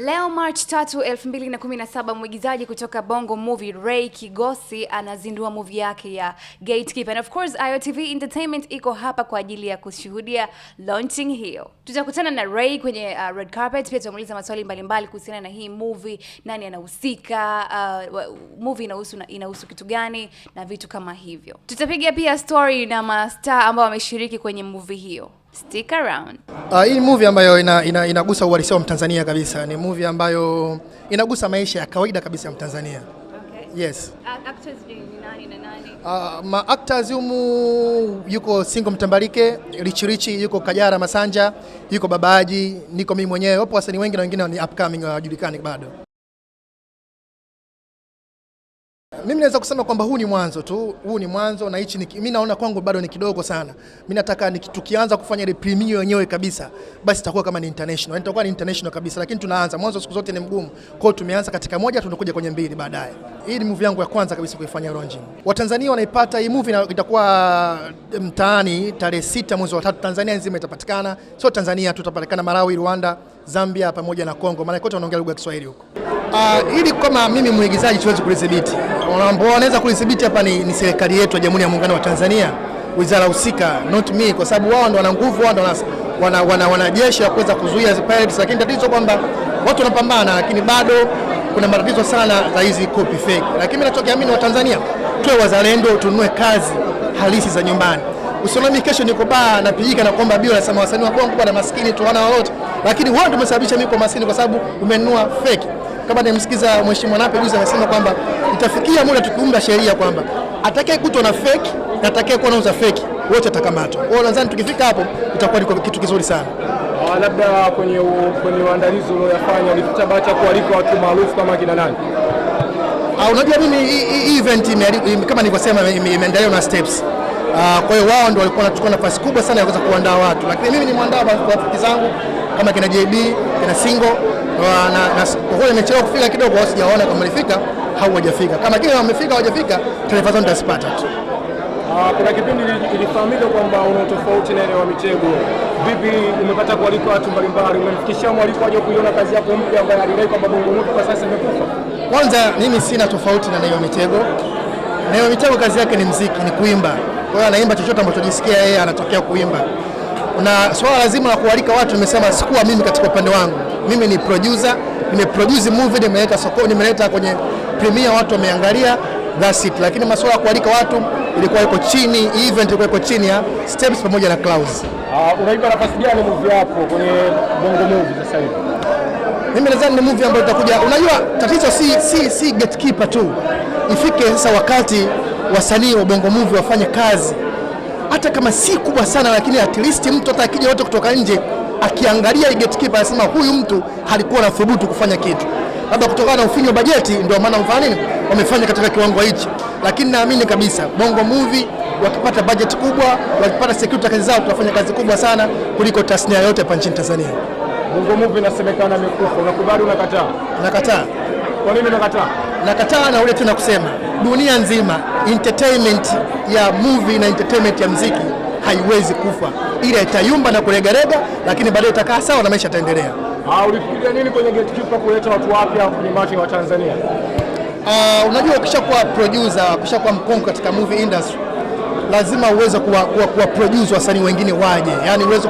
Leo March 3, 2017 mwigizaji kutoka Bongo Movie Ray Kigosi anazindua movie yake ya Gatekeeper. And of course, IOTV Entertainment iko hapa kwa ajili ya kushuhudia launching hiyo. Tutakutana na Ray kwenye uh, red carpet, pia tutamuuliza maswali mbalimbali kuhusiana na hii movie, nani anahusika, uh, movie inahusu inahusu kitu gani na vitu kama hivyo. Tutapiga pia story na mastaa ambao wameshiriki kwenye movie hiyo. Stick around. Uh, hii movie ambayo ina, ina, inagusa uhalisia wa Mtanzania kabisa. Ni movie ambayo inagusa maisha ya kawaida kabisa ya Mtanzania. Okay. Yes. Uh, actors ni nani na nani? Uh, ma actors yumu yuko Singo Mtambalike, Richi Richi yuko Kajara Masanja, yuko babaji niko mimi mwenyewe. Wapo wasanii wengi na wengine ni upcoming hawajulikani bado. Mimi naweza kusema kwamba huu ni mwanzo tu, huu ni mwanzo na hichi mimi naona kwangu bado ni kidogo sana. Mimi nataka tukianza kufanya ile premium yenyewe kabisa, basi itakuwa kama ni international, yani itakuwa ni international kabisa, lakini tunaanza mwanzo, siku zote ni mgumu. Kwa hiyo tumeanza katika moja, tunakuja kwenye mbili baadaye. Hii ni movie yangu ya kwanza kabisa kuifanya launching. Watanzania wanaipata hii movie, itakuwa eh, mtaani tarehe sita mwezi wa tatu, Tanzania nzima itapatikana, sio Tanzania tu, itapatikana Malawi, Rwanda Zambia pamoja na Kongo, maana kote wanaongea lugha ya Kiswahili huko. Uh, ili kama mimi mwigizaji siwezi kulithibiti, wanaweza kulithibiti hapa ni, ni serikali yetu ya Jamhuri ya Muungano wa Tanzania, wizara husika, not me, kwa sababu wao ndo wana nguvu, wao ndo wana, wana, wana jeshi ya kuweza kuzuia pirates, lakini tatizo kwamba watu wanapambana, lakini bado kuna matatizo sana za hizi copy fake. Lakini mimi nachokiamini, Watanzania tuwe wazalendo, tununue kazi halisi za nyumbani. Usionami kesho niko baa napigika na kuomba bio, nasema wasanii wa Kongo bwana maskini tu wana lolote lakini wewe ndio umesababisha mimi kwa maskini, kwa sababu umenunua fake. Kama nimsikiza mheshimiwa Nape juzi anasema kwamba itafikia muda tukiunda sheria kwamba atakaye kutwa na fake na atakaye kuwa anauza fake wote atakamatwa. Kwa hiyo nadhani tukifika hapo itakuwa ni kitu kizuri sana. Ah, labda kwenye kwenye uandalizi uliyofanya ulipata bahati ya kualika watu maarufu kama kina nani? Ah, unajua mimi hii event kama nilivyosema imeendelea na Steps. Ah, kwa hiyo wao ndio walikuwa wanachukua nafasi kubwa sana ya kuweza kuandaa watu, lakini mimi ni mwandaa wa rafiki zangu kama kina JB kina Singo na, kweli imechelewa kufika kidogo, au sijaona kama ilifika au hajafika. Kama kile wamefika hawajafika, taarifa zao nitazipata tu. Ah, kuna kipindi ilifahamika kwamba una tofauti na ile wa Mitego. Vipi, umepata kualika watu mbalimbali, umemfikishia mwaliko aje kuiona kazi yako mpya ambayo alidai kwamba Bongo Movie kwa sasa imekufa? Kwanza mimi sina tofauti na Nay wa Mitego. Nay wa Mitego kazi yake ni mziki, ni kuimba. Kwa hiyo anaimba chochote ambacho jisikia yeye anatokea kuimba na swala lazima la kualika watu, nimesema sikuwa mimi katika upande wangu. Mimi ni producer, nimeproduce movie, nimeleta sokoni, nimeleta kwenye premiere, watu wameangalia, that's it. Lakini masuala ya kualika watu ilikuwa iko chini, event ilikuwa iko chini ya Steps pamoja na Clouds. Uh, ah, unaipa nafasi gani movie yako kwenye Bongo Movie sasa hivi? Mimi nadhani ni movie ambayo itakuja. Unajua tatizo si, si, si gatekeeper tu, ifike sasa wakati wasanii wa Bongo Movie wafanye kazi hata kama si kubwa sana, lakini at least mtu hata akija kutoka nje akiangalia gatekeeper anasema huyu mtu halikuwa na thubutu kufanya kitu, labda kutokana na ufinyo wa bajeti, ndio maana mfano nini wamefanya katika kiwango hichi. Lakini naamini kabisa Bongo Movie wakipata bajeti kubwa, wakipata security kazi zao, tutafanya kazi kubwa sana kuliko tasnia yote hapa nchini Tanzania. Bongo Movie inasemekana imekufa, unakubali unakataa? Nakataa. Kwa nini unakataa? Nakataa na ule tu nakusema dunia nzima entertainment ya movie na entertainment ya mziki haiwezi kufa, ila itayumba na kuregarega lakini baadaye itakaa sawa na maisha yataendelea. Ah, ulifikiria nini kwenye Gatekeeper kuleta watu wapya kwenye macho ya Watanzania? Uh, ah, unajua kuwa producer, kuwa mkongwe katika movie industry lazima uweze kuwa, kuwa, kuwa produce wasanii wengine waje, yani uweze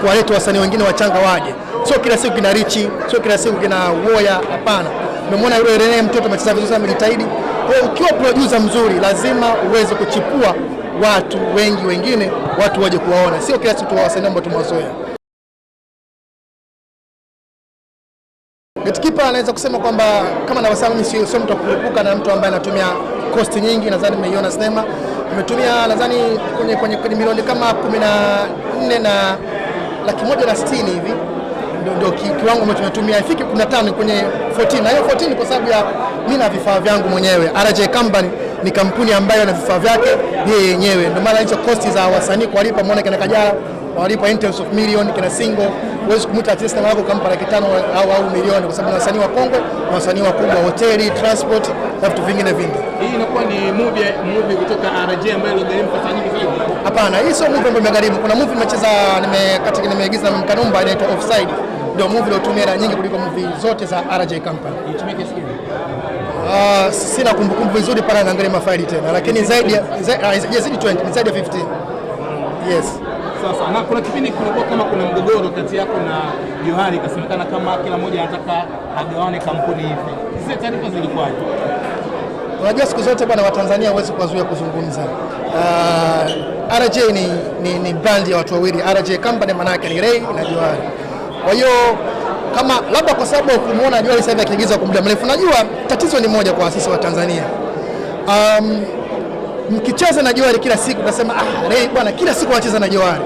kuwaleta wasanii wengine wachanga waje. Sio kila siku kina Richi, sio kila siku kina Woya, hapana. Umemwona yule Rene mtoto amecheza vizuri sana, amejitahidi kwa ukiwa producer mzuri, lazima uweze kuchipua watu wengi wengine, watu waje kuwaona, sio kiasi tu wasanii ambao tumewazoea. Gatikipa anaweza kusema kwamba kama navyosema, mimi sio mtu wa kuepuka na mtu ambaye anatumia kosti nyingi. Nadhani mmeiona sinema imetumia nadhani kwenye, kwenye, kwenye milioni kama kumi na nne na laki moja na sitini hivi ndio kiwango ambacho natumia ifike 15 kwenye 14, na hiyo 14 kwa sababu ya mimi na vifaa vyangu mwenyewe. RJ Company ni kampuni ambayo na vifaa vyake yeye yenyewe, ndio maana hizo cost za wasanii kuwalipa, muone kana Kajala walipa interest of million kina single, huwezi kumwita artist na wako kampa laki tano au au milioni, kwa sababu ni wasanii wa Kongo na wasanii wakubwa, hoteli, transport na vitu vingine vingi. Hii inakuwa ni movie movie kutoka RJ ambayo inagharimu pesa nyingi zaidi. Hapana, hii sio movie ambayo imegharimu. Kuna movie nimecheza, nimekatikia, nimeigiza Mkanumba inaitwa Offside ndio movie iliotumia hela nyingi kuliko movie zote za RJ Company. Itumike sikini. gani? Uh, sina kumbukumbu vizuri pale, naangalia mafaili tena, lakini zaidi ya ah, zaidi ya 20 zaidi ya 15. Yes. Sasa na kuna kipindi kulikuwa kama kuna mgogoro kati yako na Johari, ikasemekana kama kila mmoja anataka agawane kampuni hivi. Sisi taarifa zilikuwaje? Unajua siku zote bwana, Watanzania huwezi kuwazuia kuzungumza. Uh, ah, RJ ni, ni, ni brand ya watu wawili. RJ Company maana yake ni Ray na Johari. Kwa hiyo kama labda kwa sababu ukumuona Duale sasa hivi akiigiza kwa muda mrefu, najua tatizo ni moja kwa wasisi wa Tanzania. Um, mkicheza na Johari kila siku nasema ah, Ray bwana kila siku anacheza na Johari.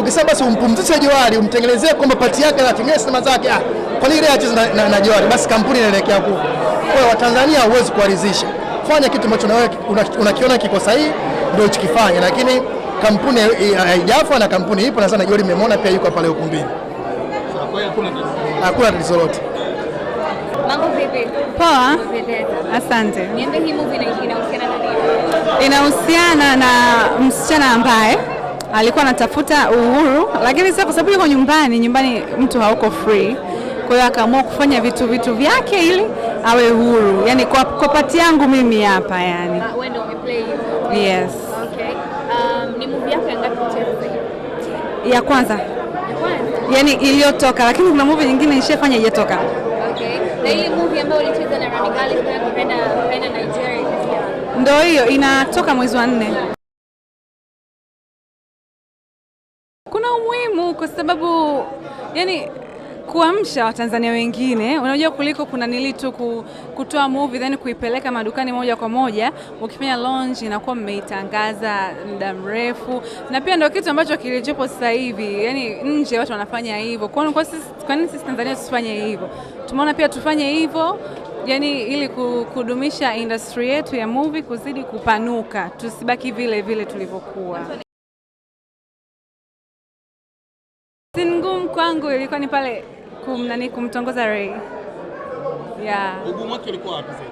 Ukisema basi umpumzishe Johari, umtengenezee kwamba pati yake na tengeneze sema zake, ah, kwa nini Ray anacheza na, na, na Johari? Basi kampuni inaelekea huko. Kwa hiyo Watanzania huwezi kuwaridhisha. Fanya kitu ambacho unakiona kiko sahihi ndio uchikifanye, lakini kampuni haijafa na kampuni ipo na sana Johari mmemwona pia yuko pale ukumbini hakuna tatizo vipi? Poa, asante. Niambie, hii movie inahusiana na nini? Inahusiana na msichana ambaye alikuwa anatafuta uhuru, lakini sasa kwa sababu yuko nyumbani, nyumbani mtu hauko free, kwa hiyo akaamua kufanya vitu vitu vyake ili awe huru, yani kwa, kwa pati yangu mimi hapa yani. Uh, Yes. Okay. Um, ni movie yako ya ngapi? Ya kwanza yani iliyotoka, lakini kuna movie nyingine nishafanya haijatoka. Okay. movie ambayo na Rami Gali Nigeria. Ndio hiyo inatoka mwezi wa nne. Kuna umuhimu kwa sababu yani kuamsha Watanzania wengine, unajua kuliko kuna nili tu kutoa movie then kuipeleka madukani moja kwa moja. Ukifanya launch inakuwa mmeitangaza muda mrefu, na pia ndio kitu ambacho kilichopo sasa hivi, yani nje watu wanafanya hivyo. Kwa nini sisi, kwa nini sisi Tanzania tusifanye hivyo? Tumeona pia tufanye hivyo yani ili kudumisha industry yetu ya movie kuzidi kupanuka, tusibaki vile vile tulivyokuwa. Si ngumu kwangu, ilikuwa ni pale kum, nani kumtongoza re ulikuwa zaidi?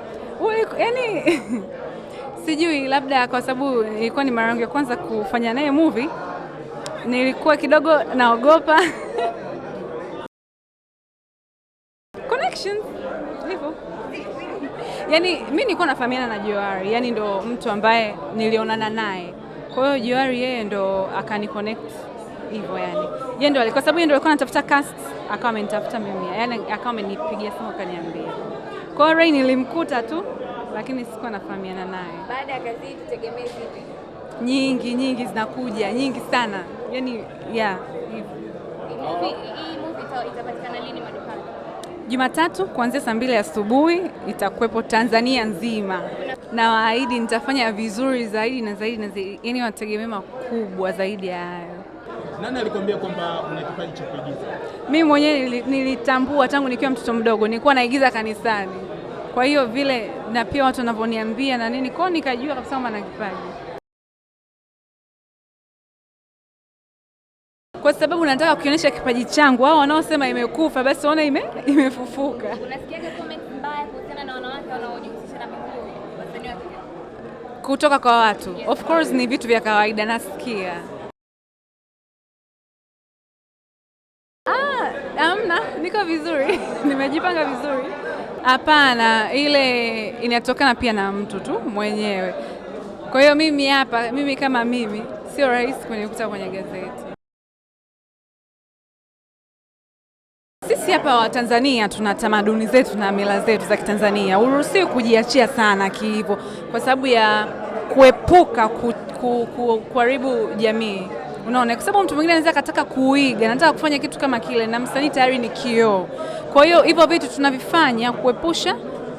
Yaani sijui, labda kwa sababu ilikuwa ni mara yangu ya kwanza kufanya naye movie, nilikuwa kidogo naogopa Connections. Yaani mi nilikuwa nafahamiana na Johari, yaani ndo mtu ambaye nilionana naye, kwa hiyo Johari yeye ndo connect hivyo yani. Yeye ndio kwa sababu yeye ndio alikuwa anatafuta cast, akawa amenitafuta mimi. Yaani akawa amenipigia simu akaniambia. Kwa hiyo Ray nilimkuta tu lakini sikuwa nafahamiana naye. Baada ya kazi hii tutegemee zipi? Nyingi nyingi zinakuja, nyingi sana. Yaani yeah, hivyo. Jumatatu kuanzia saa mbili asubuhi itakuwepo Tanzania nzima. Na waahidi nitafanya vizuri zaidi na zaidi na zaidi. Yaani wategemea makubwa zaidi ya hayo. Nani alikwambia kwamba una kipaji cha kuigiza? Mimi mwenyewe nilitambua tangu nikiwa mtoto mdogo, nilikuwa naigiza kanisani, kwa hiyo vile na pia watu wanavyoniambia na nini, kwao nikajua kabisa kwamba na kipaji kwa sababu nataka kukionyesha kipaji changu. Hao wanaosema imekufa basi ona ime, imefufuka. mbaya kuhusiana na wanawake wanaojihusisha na kutoka kwa watu? Of course ni vitu vya kawaida nasikia. Amna, niko vizuri nimejipanga vizuri. Hapana, ile inatokana pia na mtu tu mwenyewe. Kwa hiyo mimi hapa, mimi kama mimi, sio rahisi kunikuta kwenye gazeti. Sisi hapa Watanzania tuna tamaduni zetu na mila zetu za Kitanzania, huruhusiwi kujiachia sana kiivo, kwa sababu ya kuepuka kuharibu jamii unaona, kwa sababu mtu mwingine anaweza kataka kuiga, nataka kufanya kitu kama kile, na msanii tayari ni kioo. Kwa hiyo hivyo vitu tunavifanya kuepusha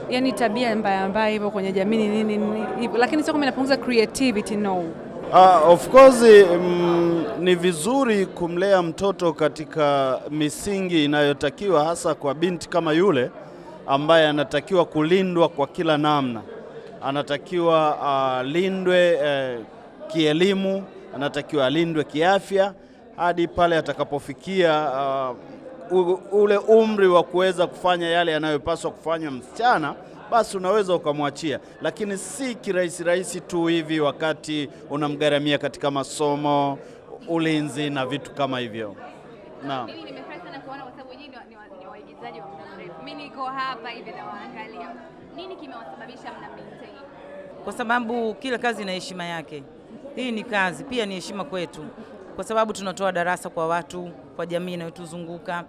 yani tabia mbaya mbaya hivyo kwenye jamii nini nini, lakini sio kama inapunguza creativity no. Uh, of course mm, ni vizuri kumlea mtoto katika misingi inayotakiwa hasa kwa binti kama yule ambaye anatakiwa kulindwa kwa kila namna, anatakiwa alindwe ah, uh, eh, uh, kielimu anatakiwa alindwe kiafya hadi pale atakapofikia uh, ule umri wa kuweza kufanya yale yanayopaswa kufanywa msichana, basi unaweza ukamwachia, lakini si kirahisi rahisi tu hivi, wakati unamgaramia katika masomo, ulinzi na vitu kama hivyo. Naam. Kwa sababu kila kazi ina heshima yake. Hii ni kazi pia, ni heshima kwetu, kwa sababu tunatoa darasa kwa watu, kwa jamii inayotuzunguka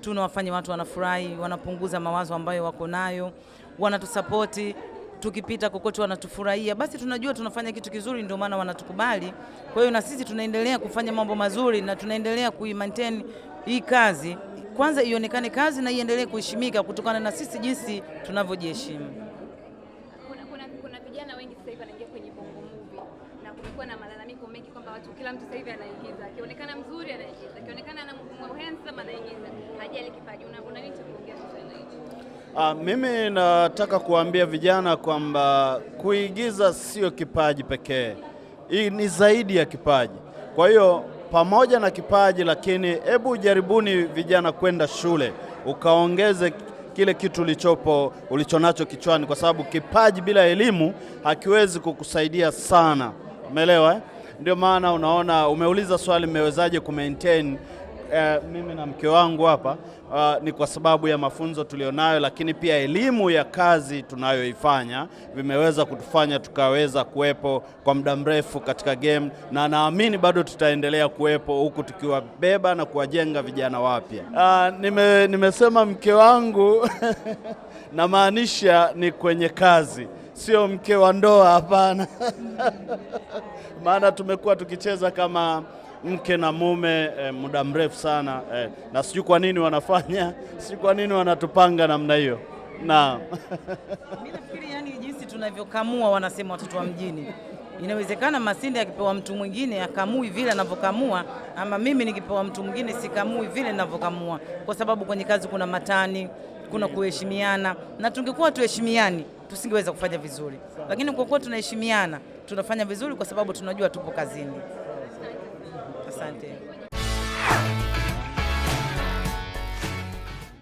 tunawafanya watu wanafurahi, wanapunguza mawazo ambayo wako nayo, wanatusapoti tukipita kokote, wanatufurahia, basi tunajua tunafanya kitu kizuri, ndio maana wanatukubali. Kwa hiyo na sisi tunaendelea kufanya mambo mazuri na tunaendelea kuimaintain hii kazi, kwanza ionekane kazi na iendelee kuheshimika kutokana na sisi jinsi tunavyojiheshimu. kila mtu sasa hivi anaigiza, akionekana mzuri anaigiza, akionekana ana handsome anaigiza, hajali kipaji. Una una nini cha kuongea sasa hicho? Ah, mimi nataka kuambia vijana kwamba kuigiza sio kipaji pekee, hii ni zaidi ya kipaji. Kwa hiyo pamoja na kipaji, lakini hebu jaribuni vijana kwenda shule ukaongeze kile kitu ulichopo ulichonacho kichwani, kwa sababu kipaji bila elimu hakiwezi kukusaidia sana. Umeelewa eh? Ndio maana unaona umeuliza swali, mmewezaje maintain Uh, mimi na mke wangu hapa uh, ni kwa sababu ya mafunzo tulionayo, lakini pia elimu ya kazi tunayoifanya vimeweza kutufanya tukaweza kuwepo kwa muda mrefu katika game, na naamini bado tutaendelea kuwepo huku tukiwabeba na kuwajenga vijana wapya. Uh, nime, nimesema mke wangu namaanisha ni kwenye kazi sio mke wa ndoa, hapana. Maana tumekuwa tukicheza kama mke na mume e, muda mrefu sana e, na sijui kwa nini wanafanya, sijui kwa nini wanatupanga namna hiyo na mimi nafikiri yani, jinsi tunavyokamua wanasema watoto wa mjini, inawezekana Masinde akipewa mtu mwingine akamui vile anavyokamua, ama mimi nikipewa mtu mwingine sikamui vile ninavyokamua, kwa sababu kwenye kazi kuna matani, kuna kuheshimiana, na tungekuwa tuheshimiani tusingeweza kufanya vizuri, lakini kwa kuwa tunaheshimiana tunafanya vizuri, kwa sababu tunajua tupo kazini.